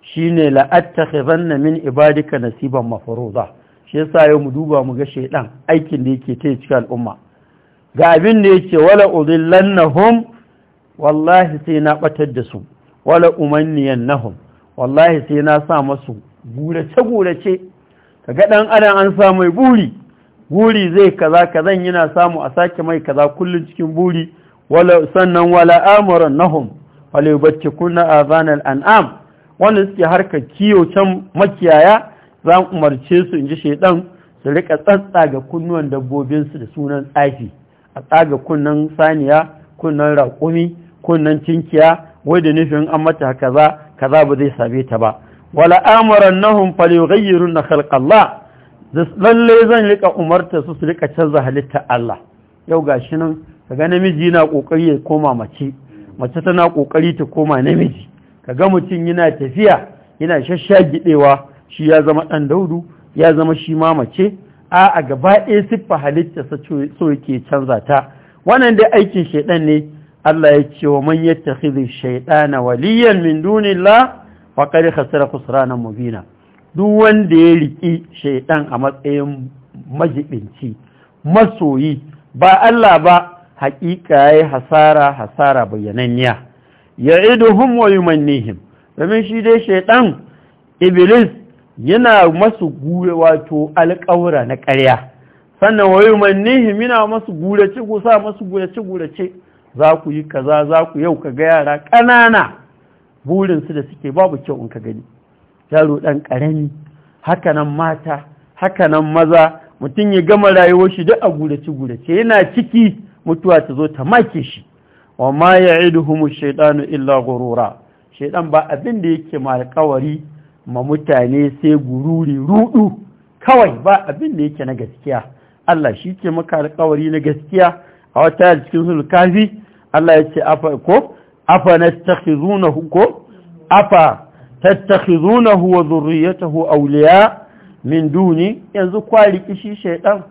A: shi ne la'attakhizanna min ibadika nasiban mafruza shi yasa yau mu duba mu ga shaiɗan aikin da yake tayi cikin al'umma ga abin da yake wala udillannahum wallahi sai na batar da su wala umanniyannahum wallahi sai na sa masu gurace gurace kaga dan adam an sa mai buri buri zai kaza kazan yana samu a sake mai kaza kullun cikin buri wala sannan wala amuran nahum wala kuna a azanal an'am wanda suke harka kiyo can makiyaya za mu umarce su ji shaidan su rika tsatsaga kunnuwan dabbobin su da sunan tsafi a tsaga kunnan saniya kunnan raƙumi kunnan tinkiya wai da nufin an mata kaza kaza ba zai same ta ba wala amuran nahum na khalqallah lalle zan rika umarta su su rika canza halitta Allah yau gashi nan kaga namiji yana kokari ya koma mace mace tana kokari ta koma namiji kaga mutum yana tafiya yana shashagidewa shi ya zama dan daudu ya zama shi ma mace a a gaba ɗaya siffa halitta sa so yake canza ta wannan dai aikin shaidan ne Allah ya ce wa man yattakhidhu shaytana waliyan min dunillahi faqad khasara khusranan mubina duk wanda ya riƙi shaidan a matsayin majibinci masoyi ba Allah ba haƙiƙa ya yi hasara hasara bayyananniya ya iduhum wa yumannihim domin shi dai shaidan iblis yana masu gure wato alƙawura na ƙarya sannan wa yana masu ce ko sa masu gurace gurace za ku yi kaza za ku yau ka ga yara ƙanana burinsu da suke babu kyau in ka gani yaro ɗan ƙarami hakanan mata hakanan maza mutum ya gama rayuwar shi duk a gurace-gurace yana ciki mutuwa ta zo ta make shi wa ma ya humu shaidanu illa gurura shaidan ba abin da yake ma alkawari ma mutane sai gururi rudu kawai ba abin da yake na gaskiya Allah shi ke maka alkawari na gaskiya a wata cikin sulh kafi Allah ya ce afa ko afa na ko afa tattakhidunahu wa dhurriyyatahu awliya min duni yanzu kwari shi shaydan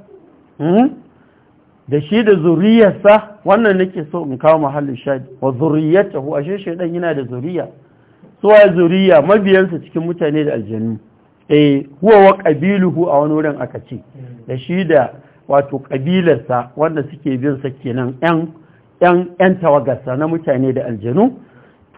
A: da shi da zuriyarsa wannan nake so in kawo mahallin shadi wa dhurriyyatahu ashe shaydan yana da zuriya suwa zuriya mabiyansa cikin mutane da aljannu eh huwa wa qabiluhu a wani wurin aka ce da shi da wato kabilarsa wanda suke bin sa kenan yan yan yan tawagarsa na mutane da aljanu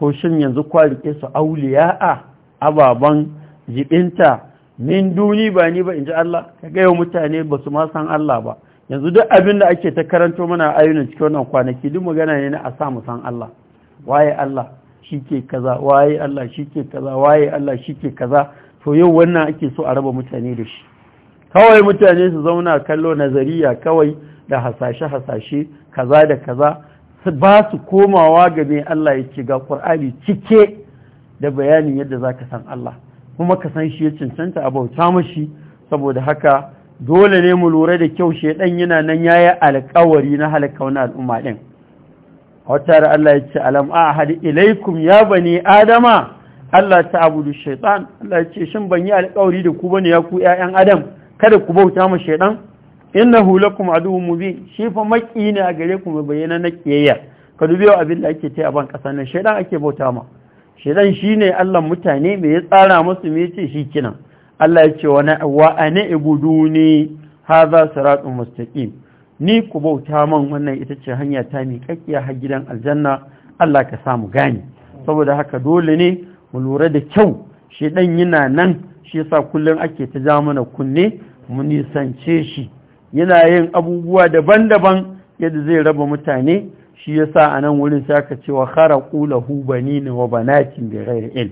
A: ko shin yanzu kwari ke su a ababan jibinta min duni ba ni ba in ji Allah ka gaya mutane ba su ma san Allah ba yanzu duk abin da ake ta karanto mana ayyunan cikin wannan kwanaki duk magana ne na a sa mu san Allah waye Allah shi ke kaza waye Allah shi ke kaza waye Allah shi ke kaza to yau wannan ake so a raba mutane da shi kawai mutane su zauna kallo nazariya kawai da hasashe hasashe kaza da kaza ba su komawa ga mai Allah ya ce ga cike da bayanin yadda za ka san Allah kuma ka san shi ya cancanta a bauta mashi saboda haka dole ne mu lura da kyau shaidan yana nan ya yi alkawari na halaka wani al'umma ɗin a wata da Allah ya ce alam a hadi ilaikum ya bani adama Allah ta abudu shaiɗan. Allah ya ce shin ban yi alkawari da ku bane ya ku ƴaƴan adam kada ku bauta ma shaidan inna hulakum mu mubin shi fa maki ne a gare ku mai bayyana na kiyayya ka dubi yau abin da ake ta a ban kasa nan shaidan ake bauta ma shaidan shine Allah mutane mai ya tsara musu mai ce shi kinan Allah ya ce wa na wa ana ibuduni hadha ratsu mustaqim ni ku bauta man wannan ita ce hanya ta mi kakkiya har gidan aljanna Allah ka samu gani saboda haka dole ne mu lura da kyau shaidan yana nan shi yasa kullum ake ta ja kunne mu nisance shi yana yin abubuwa daban-daban yadda zai raba mutane shi ya sa a nan wurin sai aka cewa kula lahu ne wa banakin da ghairi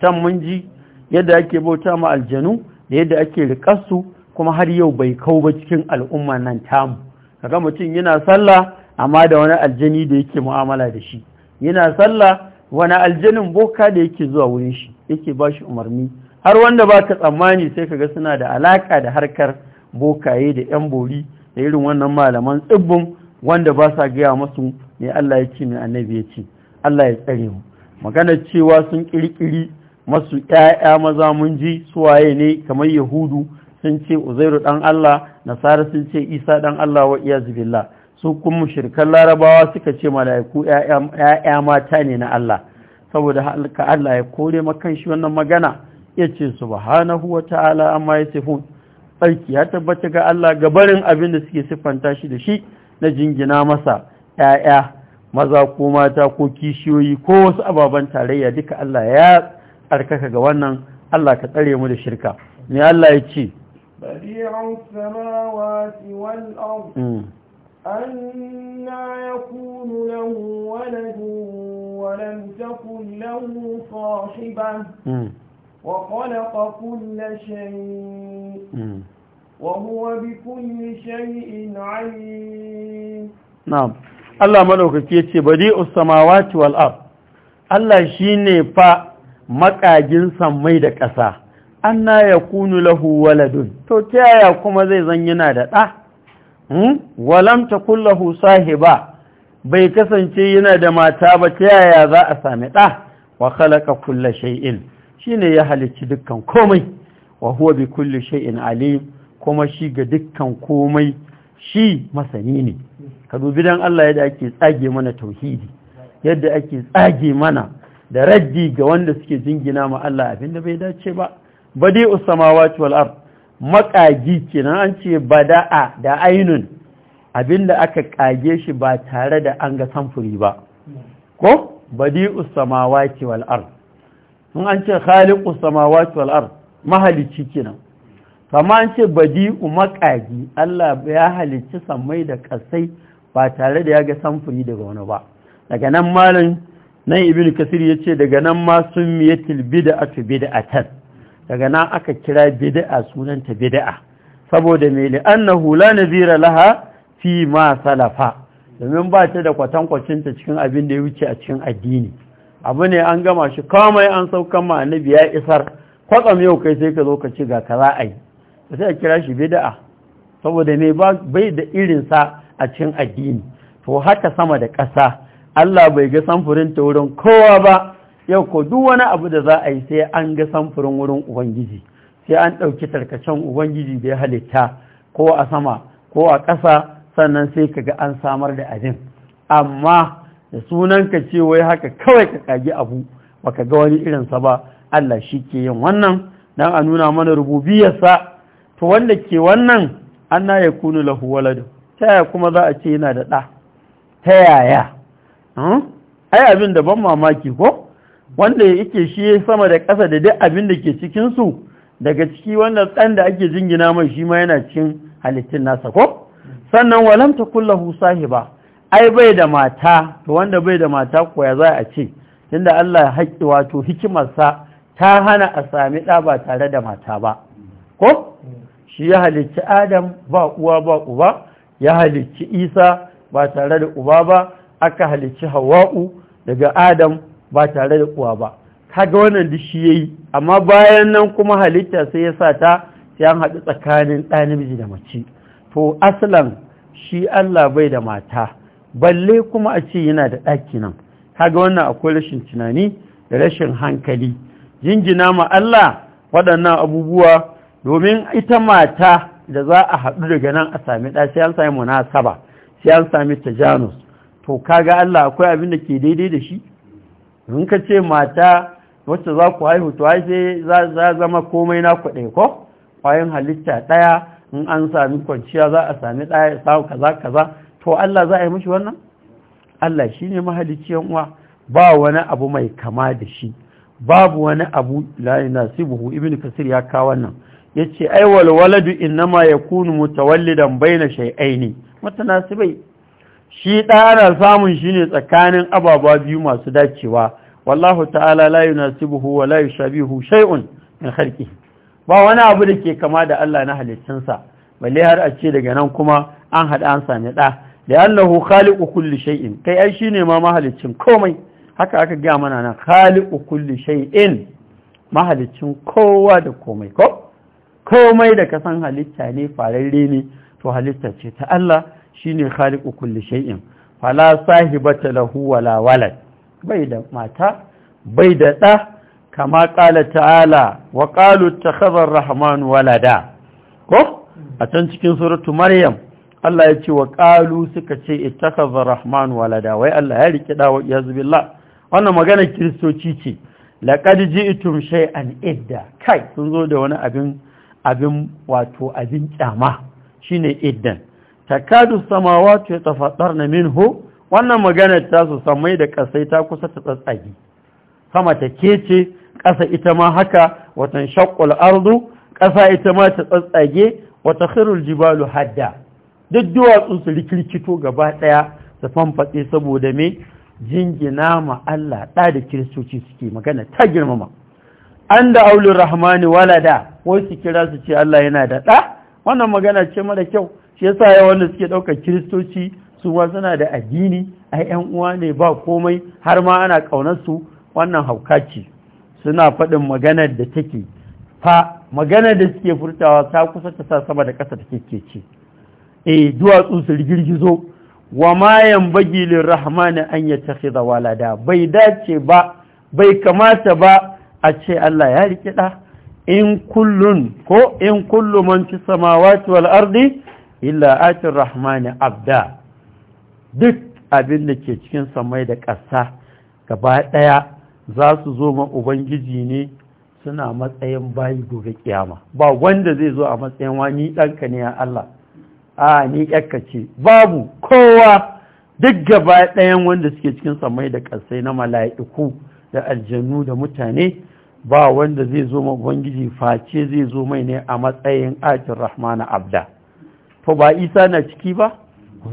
A: san mun ji yadda ake bauta ma aljanu da yadda ake rikarsu kuma har yau bai kau ba cikin al'umma nan tamu kaga mutum yana sallah amma da wani aljani da yake mu'amala da shi yana sallah wani aljanin boka da yake zuwa wurin shi yake ba shi umarni har wanda ba ka tsammani sai kaga suna da alaka da harkar bokaye da 'yan bori da irin wannan malaman tsibbin wanda ba sa gaya masu ne Allah ya ce mai annabi ya ce Allah ya tsare mu maganar cewa sun kirkiri masu ƴaƴa maza mun ji waye ne kamar yahudu sun ce uzairu dan Allah nasara sun ce isa dan Allah wa iyaz billah su kuma mushrikan larabawa suka ce mala'iku ƴaƴa mata ne na Allah saboda haka Allah ya kore makan shi wannan magana yace subhanahu wa ta'ala amma yasifun tsarki ya tabbata ga Allah gabarin abin da suke siffanta shi da shi na jingina masa ‘ya'ya maza ko mata ko kishiyoyi ko wasu ababen tarayya duka Allah ya tsarkaka ga wannan Allah ka tsare mu da shirka Ni Allah ya ce
B: أنا وخلق كل شيء وهو بكل شيء عليم
A: نعم Allah madaukaki yace badi'us samawati wal ard Allah shine fa makagin sammai da ƙasa anna yakunu lahu waladun to ta yaya kuma zai zan yana da ɗa hmm? walam takul lahu sahiba bai kasance yana da mata ba ta yaya za a sami ɗa wa khalaqa kulla shay'in Shi ne ya halicci dukkan komai wa huwa bi kulli shay'in alim kuma shi ga dukkan komai shi masani ne ka dubi dan Allah yadda ake tsage mana tauhidi yadda ake tsage mana da raddi ga wanda suke jingina ma Allah abinda bai dace ba badi'us samawati wal ard maƙagi kenan an ce bada'a da ainun da aka ƙage shi ba tare da an ga samfuri ba ko badi'us samawati wal ard in an ce khaliqu samawati wal ard mahalicci kenan kama an ce badi'u makagi Allah ya halicci samai da kasai ba tare da ya ga samfuri daga wani ba daga nan malam nan ibnu kasir yace daga nan ma sun sumiyatil bid'atu bid'atan daga nan aka kira bid'a sunanta bid'a saboda me li annahu la nazira laha fi ma salafa domin ba ta da kwatankwacinta cikin abin da ya wuce a cikin addini abu ne an gama shi kamai an saukan ma annabi ya isar kwatsam yau kai sai ka zo ka ci ga yi. ai sai a kira shi bid'a saboda ne bai da irin sa a cikin addini to haka sama da ƙasa Allah bai ga samfurin ta wurin kowa ba yau ko duk wani abu da za a yi sai an ga samfurin wurin ubangiji sai an ɗauki tarkacen ubangiji da ya halitta ko a sama ko a ƙasa sannan sai ka ga an samar da abin amma da sunan ka ce wai haka kawai ka kagi abu baka ga wani irinsa ba Allah shi ke yin wannan don a nuna mana rububiyarsa to wanda ke wannan ya kunu lahu waladu ta yaya kuma za a ce yana da ɗa ta yaya hmm? ai abin da ban mamaki ko wanda ya ike shi sama da ƙasa da duk abin da ke cikinsu? daga ciki wanda ɗan da ake jingina mai shi ma yana cikin halittun nasa ko sannan walamta kullahu sahiba ai bai da mata to wanda bai da mata koya za a ce tunda Allah ya haƙƙi wato hikimarsa ta hana a sami ɗa ba tare da mata ba ko shi ya halicci adam ba uwa ba uba ya halicci isa ba tare da uba ba aka halicci hawa'u daga adam ba tare da uwa ba kaga wannan duk shi yayi amma bayan nan kuma halitta sai ya sa ta sai an haɗu tsakanin ɗa namiji da mace to aslan shi Allah bai da mata balle kuma a ce yana da ɗaki nan kaga wannan akwai rashin tunani da rashin hankali Jinjina ma Allah waɗannan abubuwa domin ita mata da za a haɗu daga nan a sami ɗa sai an sami munasaba sai an sami tajanus to kaga Allah akwai abin da ke daidai da shi in ka ce mata wacce za ku haihu to ai sai za zama komai na ku ɗaya ko kwayan halitta ɗaya in an sami kwanciya za a sami ɗaya kaza kaza to Allah za a yi mashi wannan Allah shi ne mahalicciyan uwa ba wani abu mai kama da shi babu wani abu la nasibuhu ibnu kasir ya kawo wannan yace ai wal waladu innama yakunu mutawallidan baina shay'aini mutanasibai shi da ana samun shi ne tsakanin ababa biyu masu dacewa wallahu ta'ala la yunasibuhu wa la yushabihu shay'un min khalqihi ba wani abu da ke kama da Allah na halittunsa balle har a ce daga nan kuma an haɗa an sami ɗa da annahu khaliqu kulli shay'in kai ai shine ma mahalicin komai haka aka ga mana na khaliqu kulli shay'in mahalicin kowa da komai ko komai da ka san halitta ne farare ne to halitta ce ta Allah shine khaliqu kulli shay'in fala sahibata lahu wala walad bai da mata bai da da kama qala ta'ala wa qalu ittakhadha ar-rahman walada ko a can cikin suratu maryam Allah ya ce wa ƙalu suka ce ittakaza rahman walada wai Allah ya riƙe dawo ya zubilla wannan maganar kiristoci ce laƙad ji'tum shay'an idda kai sun zo da wani abin abin wato abin kyama shine iddan takadu samawati yatafattarna minhu wannan maganar ta su samai da ƙasai ta kusa ta tsatsage sama ta kece ƙasa ita ma haka watan shaqqul ardu ƙasa ita ma ta tsatsage wata khirul jibalu hadda duk duwatsun su rikirkito gaba ɗaya su fanfatse saboda me jingina ma Allah ɗa da kiristoci suke magana ta girmama an da aulun rahmani walada wai su kira su ce Allah yana da ɗa wannan magana ce mara kyau shi yasa ya wanda suke ɗaukar kiristoci su ma suna da addini ai ƴan uwa ne ba komai har ma ana ƙaunar su wannan hauka ce suna faɗin maganar da take fa maganar da suke furtawa ta kusa ta sa sama da ƙasa take ce eh duwatsu su girgizo wa ma yanbaghi rahmani an yattakhidha walada bai dace ba bai kamata ba a ce Allah ya rike da in kullun ko in kullu man fi samawati wal ardi illa ati rahmani abda duk abin da ke cikin samai da ƙasa gaba ɗaya za su zo ma ubangiji ne suna matsayin bayi gobe kiyama ba wanda zai zo a matsayin wani ɗanka ne ya Allah a ni yakka ce babu kowa duk gaba ɗayan wanda suke cikin samai da ƙasai na mala'iku da aljanu da mutane ba wanda zai zo bangiji face zai zo mai ne a matsayin ajin rahmana abda to ba isa na ciki ba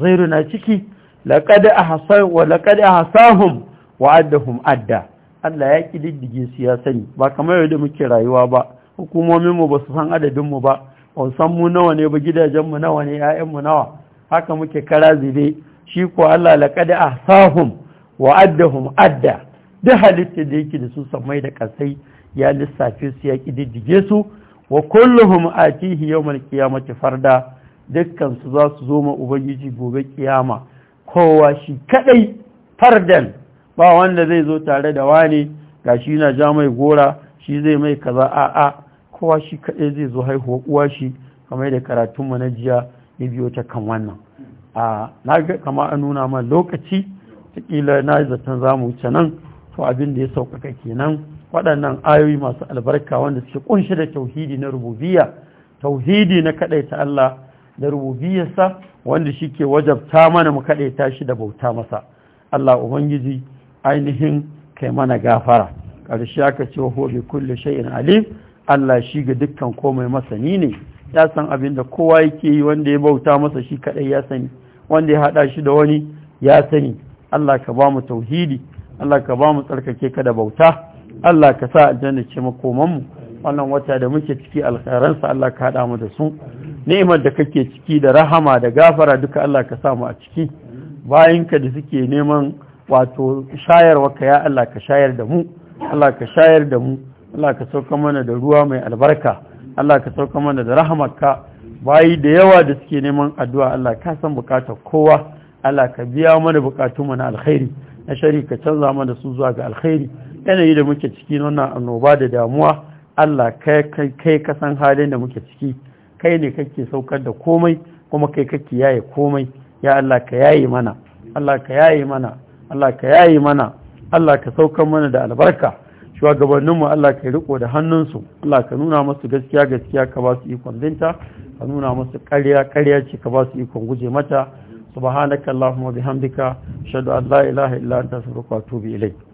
A: zairu na ciki laƙad a hasahun addahun adda Allah ya ƙididdige su ya sani ba kamar yadda muke rayuwa ba hukumominmu ba su san adadinmu ba ban san mu nawa ne ba gidajenmu nawa ne ‘ya'yanmu nawa haka muke kara zube. shi ko Allah laƙada a sahun wa addahum adda duk halitta da yake da su samai da ƙasai ya lissafi su ya ƙididdige su wa kulluhum atihi yawmal qiyamati farda dukkan su za su zo ma ubangiji gobe kiyama kowa shi kaɗai, fardan ba wanda zai zo tare da wani shi na ja mai gora shi zai mai kaza a'a kowa shi kaɗai zai zo haihuwa uwa shi kamar da mu na jiya ya biyo ta kan wannan a na ga kama an nuna ma lokaci takila na zaton za mu wuce nan to abin da ya sauƙaƙa kenan waɗannan ayoyi masu albarka wanda suke ƙunshi da tauhidi na rububiya. tauhidi na kaɗaita Allah da rububiyarsa wanda shi ke wajabta mana mu kaɗaita shi da bauta masa Allah Ubangiji ainihin kai mana gafara ƙarshe aka ce wa hobi kulle shayin alim Allah shi ga dukkan komai masani ne ya san abin da kowa yake yi wanda ya bauta masa shi kaɗai ya sani wanda ya haɗa shi da wani ya sani Allah ka ba mu tauhidi Allah ka ba mu tsarkake ka da bauta Allah ka sa aljanna ce makomanmu wannan wata da muke ciki alkhairansa Allah ka haɗa mu da su ni'imar da kake ciki da rahama da gafara duka Allah ka sa mu a ciki Bayan ka da suke neman wato shayarwa ka ya Allah ka shayar da mu Allah ka shayar da mu Allah ka sauka mana da ruwa mai albarka Allah ka sauka mana da rahamarka bayi da yawa da suke neman addu'a Allah ka san bukatar kowa Allah ka biya mana bukatu mana alkhairi na shari ka canza mana su zuwa ga alkhairi yanayi da muke ciki nuna annoba da damuwa Allah kai ka san halin da muke ciki kai ne kake saukar da komai kuma kai kake yaye komai ya Allah ka yaye mana Allah ka yaye mana Allah ka yaye mana Allah ka saukar mana da albarka shugabanninmu Allah ka riko da hannunsu Allah ka nuna masu gaskiya gaskiya ka ba su ikon binta ka nuna masu karya karya ce ka ba su ikon guje mata allahumma bihamdika shadu an la ilaha illa anta astaghfiruka wa atubu ilayk